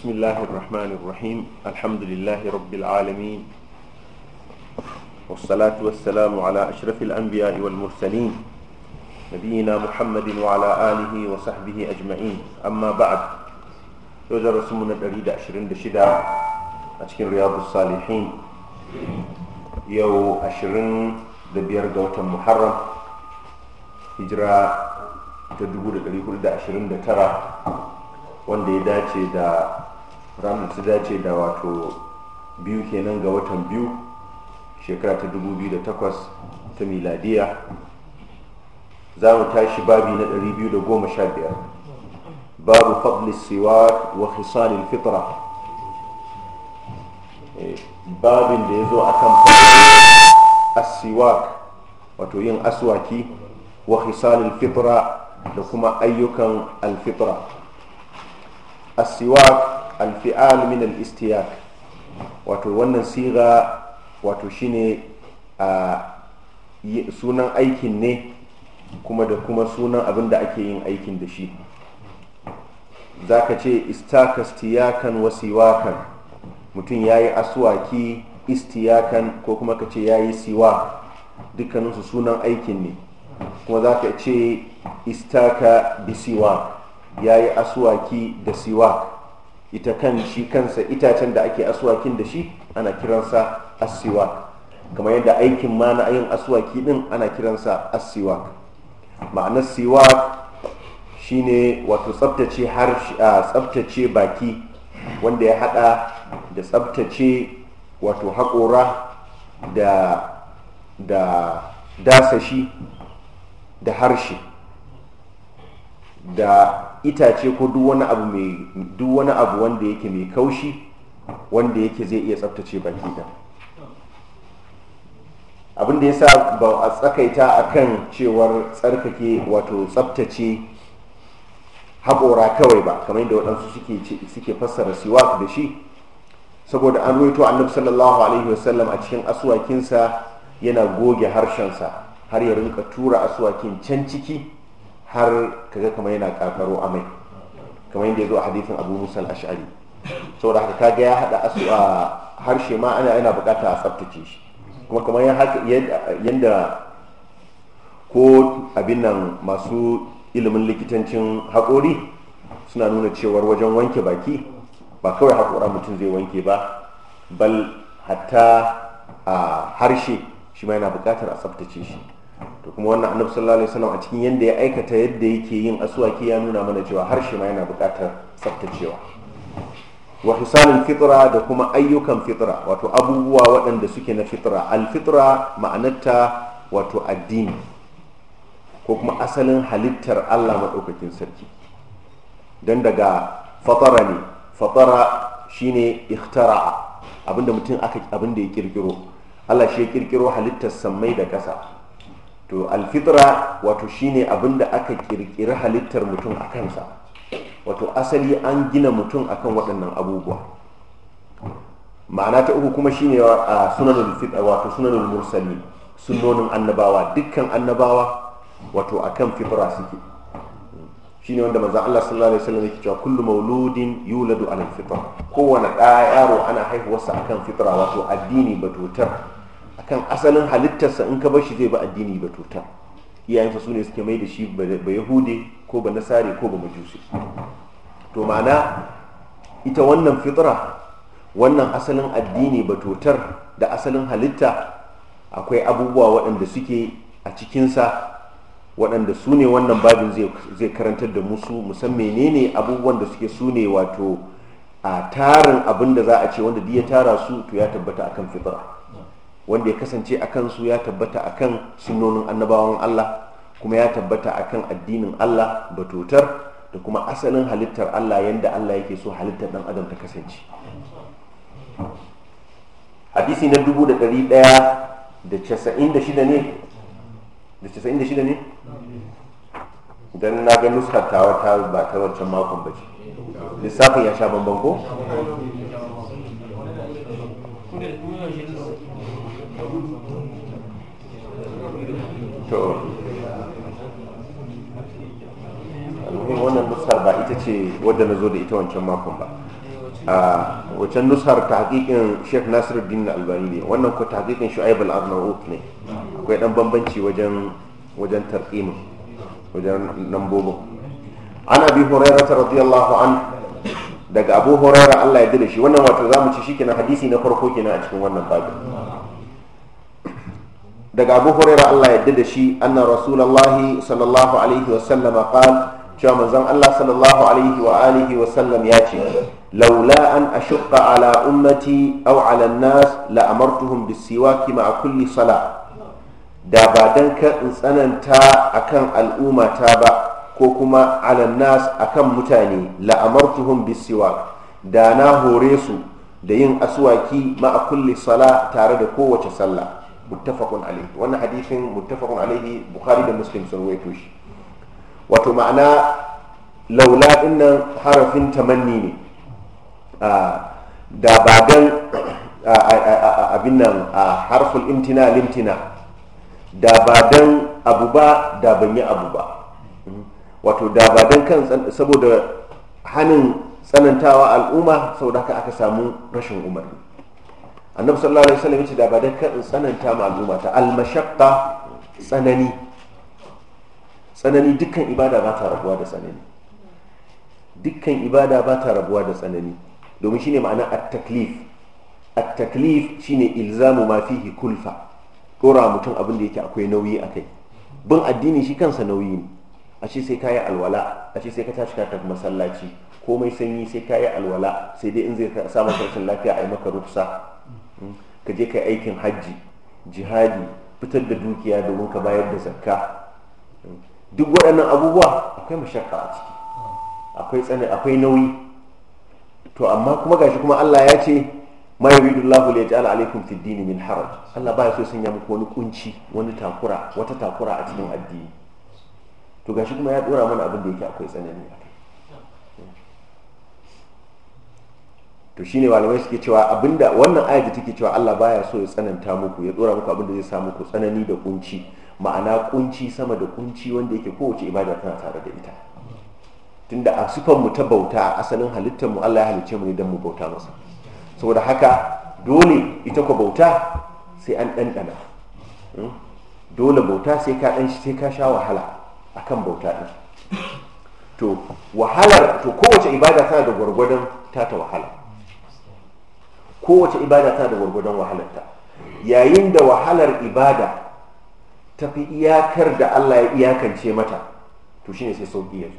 بسم الله الرحمن الرحيم الحمد لله رب العالمين والصلاة والسلام على أشرف الأنبياء والمرسلين نبينا محمد وعلى آله وصحبه أجمعين أما بعد يوزر رسمنا الأريد أشرين دشدا أشكين رياض الصالحين يو أشرين دبير قوة محرم هجرة تدبور الأريد أشرين دكرة wanda ya dace da ranar su dace da wato biyu kenan ga watan biyu shekara ta da 2008 ta miladiya za mu tashi babi na 215 babu fadli siwak wa hisalin fitra eh, babin da ya zo a kan wato yin aswaki wa hisalin fitra da kuma ayyukan alfitra asiwak alfi'al min al-istiyak wato wannan siga wato shine a sunan aikin ne kuma da kuma sunan abin da ake yin aikin da shi za ka ce istaka istiyakan wasiwakan mutum ya yi asuwaki istiyakan ko kuma ka ce ya yi siwa dukkaninsu sunan aikin ne kuma za ka ce istaka bisiwa ya yi asuwaki da siwak ita kan shi kansa itacen da ake aswakin da shi ana kiransa asiwak kamar yadda aikin ma na yin aswaki din ana kiransa asiwak ma'anar siwak shine wato tsabtace tsabtace baki wanda ya hada da tsabtace wato haƙora da da dasashi da harshe da itace ko duk wani abu mai duk wani abu wanda yake mai kaushi wanda yake zai iya tsaftace baki da abin da yasa ba a tsakaita akan cewar tsarkake wato tsaftace haƙora kawai ba kamar yadda waɗansu suke suke fassara siwak da shi saboda an ruwaito annabi sallallahu alaihi wasallam a cikin aswakinsa yana goge harshensa har ya rinka tura aswakin can ciki har kaga kamar yana kafaro amai kamar yadda ya zo a hadisin abu musal ashari saboda haka kaga ya hada asu a harshe ma ana yana bukata a tsaftace shi kuma kamar yadda ko abin nan masu ilimin likitancin haƙori suna nuna cewar wajen wanke baki ba kawai haƙora mutum zai wanke ba bal hatta a harshe shi ma yana bukatar a tsaftace shi to kuma wannan annabi sallallahu alaihi wasallam a cikin yanda ya aikata yadda yake yin aswaki ya nuna mana cewa harshe ma yana buƙatar tsabtacewa wa hisalul fitra da kuma ayyukan fitra wato abubuwa waɗanda suke na fitra al fitra ma'anarta wato addini ko kuma asalin halittar Allah maɗaukakin sarki dan daga fatara ne fatara shine ikhtara abinda mutum aka abinda ya kirkiro Allah shi ya kirkiro halittar sammai da ƙasa to alfitra wato shine abin da aka kirkiri halittar mutum a kansa wato asali an gina mutum akan waɗannan abubuwa ma'ana ta uku kuma shine a uh, sunanul fitra wato sunanul mursali sunonin annabawa dukkan annabawa wato akan fitra suke shine wanda maza Allah sallallahu alaihi wasallam yake cewa kullu mauludin yuladu ala fitra kowane ɗaya yaro ana haihuwarsa akan fitra wato addini batutar kan asalin halittarsa in ka bar shi zai ba addini ba tuta iyayensa su ne suke mai da shi ba yahude ko ba nasare ko ba majusi to ma'ana ita wannan fitra wannan asalin addini ba tutar da asalin halitta akwai abubuwa waɗanda suke a cikinsa waɗanda su ne wannan babin zai karantar da musu musamman ne abubuwan da suke su ne wato a tarin abin da za a ce wanda ya tara su to ya tabbata akan fitra wanda ya kasance a kansu ya tabbata a kan sunonin annabawan Allah kuma ya tabbata a kan addinin Allah batutar da kuma asalin halittar Allah yadda Allah yake so halittar ɗan adam ta kasance hadisi na dubu da ɗari ɗaya da casa'in da shida ne da casa'in da shida ne idan na ga nuskar tawa ta ba ta wancan makon ba ce lissafin ya sha bambam ko to wannan nusar ba ita ce wadda na zo da ita wancan makon ba a wancan nusar ta hakikin sheikh na albani ne wannan ko ta hakikin shu'aib al-arnaut ne akwai dan bambanci wajen wajen tarqimin wajen bi an abi hurairah radiyallahu an daga abu horaira allah ya da shi wannan wato za mu ci shi kenan hadisi na farko kenan a cikin wannan babu daga abu hurairah Allah yadda da shi anna rasulullahi sallallahu alaihi wasallam qal cewa manzon Allah sallallahu alaihi wa alihi ya ce laula an ashqa ala ummati aw ala an-nas la amartuhum bis-siwaki kulli sala da ba dan ka in tsananta akan al'umma ta ba ko kuma ala nas akan mutane la amartuhum bis-siwak da na hore su da yin aswaki ma'a kulli sala tare da kowace sallah muttafaqun alaihi wannan hadisin muttafaqun alaihi bukhari da muslim sun waito shi wato ma'ana laula dinnan harafin tamanni ne da ba dan abin nan a harful imtina limtina da ba dan abu ba da ban yi abu ba wato da ba dan kan saboda hanin tsanantawa al'umma saboda haka aka samu rashin umarni annabi sallallahu alaihi wasallam yace da ba dan kan tsananta ma al'umma ta al-mashaqqa tsanani tsanani dukkan ibada ba ta rabuwa da tsanani dukkan ibada ba ta rabuwa da tsanani domin shine ma'ana at-taklif at-taklif shine ilzamu ma fihi kulfa mutum abin da yake akwai nauyi akai bin addini shi kansa nauyi ne a ce sai kayi alwala a ce sai ka tashi ka tafi masallaci komai sanyi sai kayi alwala sai dai in zai samu karshen lafiya a yi maka rufsa ka je kai aikin hajji jihadi fitar da dukiya domin ka bayar da zakka duk waɗannan abubuwa akwai mashakka a ciki akwai akwai nauyi to amma kuma gashi kuma Allah ya ce ma ya Allah li yaj'ala fid dini min haraj Allah baya so sanya muku wani kunci wani takura wata takura a cikin addini to gashi kuma ya dora mana abin da yake akwai tsanani to shine malamai suke cewa abinda wannan ayat da take cewa Allah baya so ya tsananta muku ya dora muku abinda zai sa muku tsanani da kunci ma'ana kunci sama da kunci wanda yake kowace ibada tana tare da ita tunda a sifan mu ta bauta asalin halittar mu Allah ya halicce mu ne dan mu bauta masa saboda haka dole ita ko bauta sai an dandana hmm? dole bauta sai ka sai ka sha wahala akan bauta ɗin to wahalar to kowace ibada tana da gwargwadon tata wahala kowace ibada tana da gwargwadon wahalarta yayin da wahalar ibada ta fi iyakar da Allah ya iyakance mata to shine sai sauki ya zo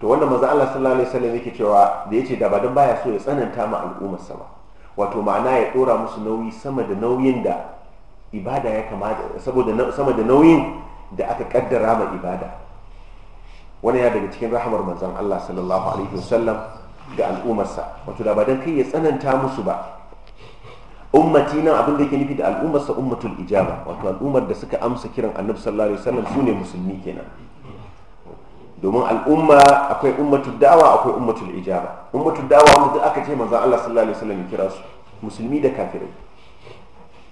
to wannan maza Allah sallallahu alaihi wasallam yake cewa da yace da ba badan baya so ya tsananta ma al'ummar sa ba wato ma'ana ya dora musu nauyi sama da nauyin da ibada ya kamata saboda sama da nauyin da aka kaddara ma ibada wannan ya daga cikin rahamar manzon Allah sallallahu alaihi wasallam ga al'ummarsa wato da ba don kai ya tsananta musu ba ummati nan abin da yake nufi da al'ummarsa ummatul ijaba wato al'ummar da suka amsa kiran annabi sallallahu alaihi wasallam sune musulmi kenan domin al'umma akwai ummatul da'wa akwai ummatul ijaba ummatul da'wa wanda aka ce manzon Allah sallallahu alaihi wasallam ya kira su musulmi da kafirai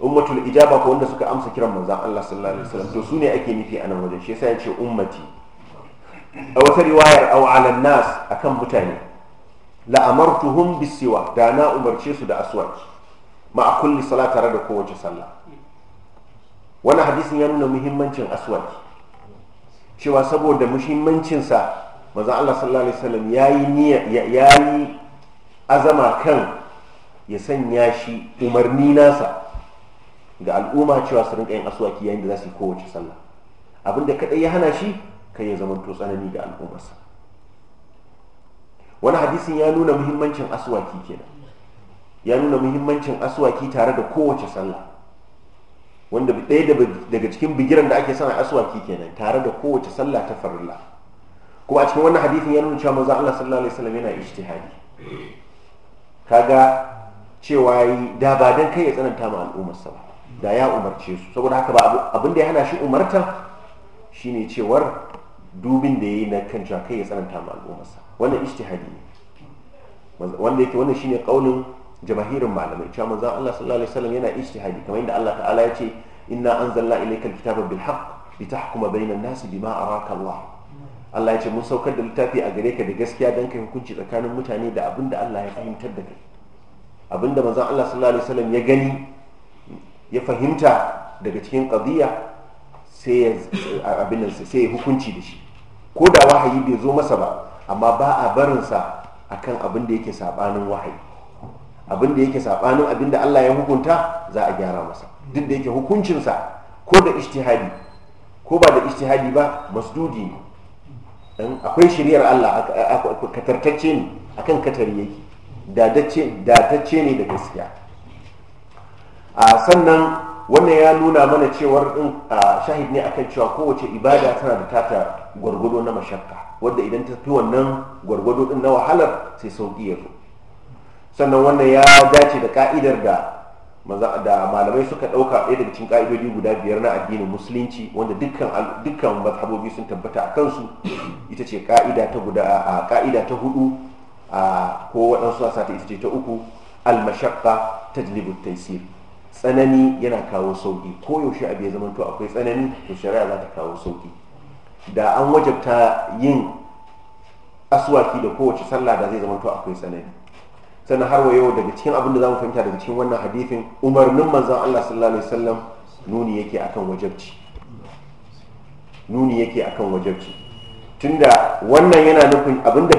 ummatul ijaba ko wanda suka amsa kiran manzon Allah sallallahu alaihi wasallam to sune ake nufi a nan wajen shi yasa ya ce ummati a wata riwayar aw nas akan mutane la'amartuhum bisiwa da na umarce su da ma a kulli sala tare da kowace sallah wannan hadisin ya nuna muhimmancin aswaki cewa saboda muhimmancinsa manzon Allah sallallahu alaihi wasallam yayi niyya yayi azama kan ya sanya shi umarni nasa ga al'umma cewa su rinka yin aswaki yayin da za su yi kowace sallah abinda kadai ya hana shi kai ya zamanto tsanani ga al'ummarsa wani hadisin ya nuna muhimmancin aswaki kenan ya nuna muhimmancin asuwaki tare da kowace sallah wanda ɗaya daga cikin bigiran da ake sana aswaki kenan tare da kowace sallah ta farilla kuma a cikin wannan hadisin ya nuna cewa manzo Allah sallallahu alaihi wasallam yana ijtihadi kaga cewa yi da ba dan kai ya tsananta ma al'ummar sa da ya umarce su saboda haka ba abin da ya hana shi umarta shine cewar dubin da ya yi na kan cewa kai ya tsananta ma al'ummarsa wannan ijtihadi ne wanda yake wannan shine kaunin jamahirin malamai cewa manzo Allah sallallahu alaihi wasallam yana ijtihadi kamar yadda Allah ta'ala ya ce inna anzalna ilayka alkitaba bil haqq litahkuma an nasi bima araka Allah Allah ya ce mun saukar da littafi a gare ka da gaskiya don kai hukunci tsakanin mutane da abin da Allah ya fahimtar da kai abin da Allah sallallahu alaihi wasallam ya gani ya fahimta daga cikin qadiya sai abin sai hukunci da shi ko da wahayi bai zo masa ba amma ba a barinsa kan abin da yake sabanin wahayi abin da yake sabanin abin da Allah ya hukunta za a gyara masa duk da yake hukuncinsa ko da ishtihadi ko ba da ishtihadi ba masdudi ne akwai shiriyar Allah katartacce ne akan katari yake datacce ne da gaskiya a sannan wannan ya nuna mana cewar in shahid ne akan cewa kowace ibada tana da tata gwargwado na mashakka wadda idan ta fi wannan gwargwado din na wahalar sai sauki ya zo sannan wannan ya dace da ka'idar da da malamai suka ɗauka ɗaya daga cikin ka'idodi guda biyar na addinin musulunci wanda dukkan dukkan mazhabobi sun tabbata a kansu ita ce ka'ida ta guda a ka'ida ta hudu a ko waɗansu a ita ce ta uku al-mashaqqa tajlibu taysir tsanani yana kawo sauki ko yaushe abu ya to akwai tsanani to shari'a za ta kawo sauki da an wajabta yin asuwaki da kowace sallah da zai to akwai tsanani sannan har wa yau daga cikin abin da za mu fahimta daga cikin wannan hadithin umarnin manzon Allah sallallahu alaihi wasallam nuni yake akan wajabci nuni yake akan wajabci tunda wannan yana nufin abin da